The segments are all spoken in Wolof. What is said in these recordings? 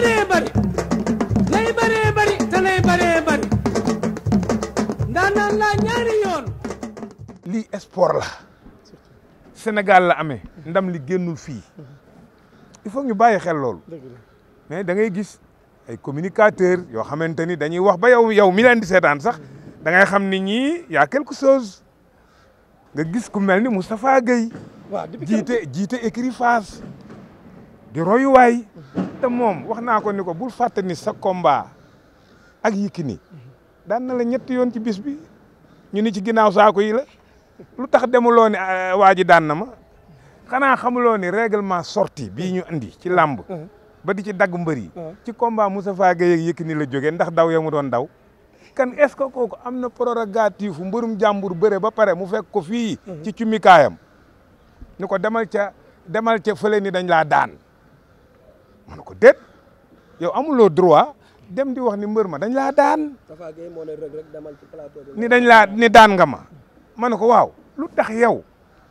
bëree bëri lay bëree bëri te lay bëree bëri ndaanaan laa ñaari yoon lii sport la Sénégal la ame ndam li génnul fii il faut ñu bàyyi xel loolu mais da ngay gis ay communicateur yoo xamante ni dañuy wax ba yow yow mi di seetaan sax dangay xam ni ñii y'a quelque chose nga gis ku mel ni Moustapha Gueye jiite jiite di royuwaay te moom wax naa ko ni ko bul fàtte ni sa combat ak Yékini daan na la ñetti yoon ci bis bi ñu ni ci ginnaaw saako yi la lu tax demuloo ni euh, waa ji daan na ma xanaa xamuloo ni règlement sorti bii ñu andi ci làmb ba di ci dagg mbër yi ci mu Moustapha Gueye ak Yékini la jógee ndax daw ya mu doon daw kan est ce que kooku am na prérogative mbërum jàmbur bëre ba pare mu fekk ko fii ci cumikaayam ni ko demal ca demal ca fële ni dañ laa daan ma ne ko déet yow amuloo droit dem di wax ni mbër ma dañ laa daan. Tafa moo ne rëg rek demal ni laa ni daan nga ma. ma ne ko waaw lu tax yow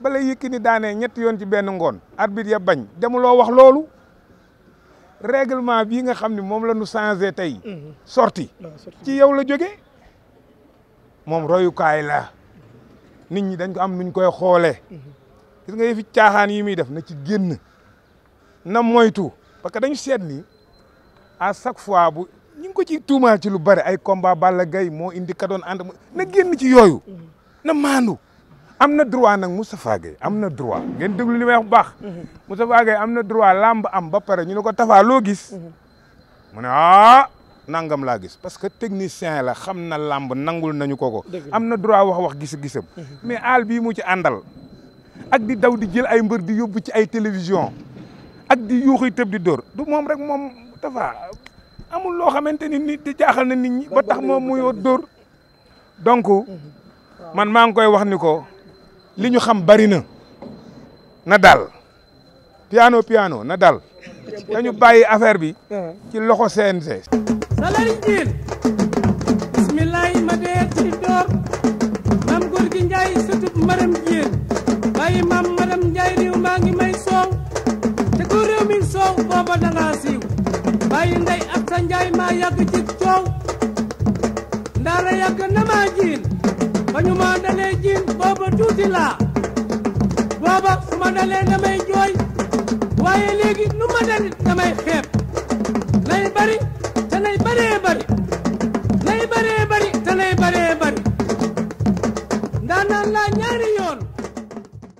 bala Yékini daanee ñetti yoon ci benn ngoon. arbitre ya bañ demuloo wax loolu règlement bii nga xam ni moom la ñu changé tey. Mhm. sorti ci yow la jógee moom royukaay la nit ñi dañ ko am nuñ koy xoolee. Mhm. gis nga yëfi caaxaan yi muy def na ci génn na moytu. parce que dañu seet ni a chaque fois bu ñu ko ci tuumaal ci lu bari ay combat Balla Gaye moo indi kadoon doon ànd na génn ci yooyu na maandu am na droit nag Moustapha Gueye am na droit ngeen déglu li may wax bu baax Moustapha Gueye am na droit lamb am ba pare ñu ne ko Tapha loo gis mu ne ah nangam laa gis parce que technicien la xam na lamb nangul nañu ko ko am na droit wax wax gis-gisam mais àll bii mu ci àndal ak di daw di jël ay mbër di yóbbu ci ay télévision ak di yuuxi tëb di dóor du moom rek moom dafa amul loo xamante ni nit di jaaxal na nit ñi ba tax moom muyoo dóor donc man maa ngi koy wax ni ko li ñu xam bari na na dal piano piano na dal dañu bàyyi affaire bi uh-huh. ci loxo CNG. dangaa siiw bàyyi ndey ak sa njaay maa yàgg ci coow ndaara yàgg na maa jiin ba ñu jiin booba tuuti laa booba ma dalee damay jooy waaye léegi nu ma dalit damay xeeb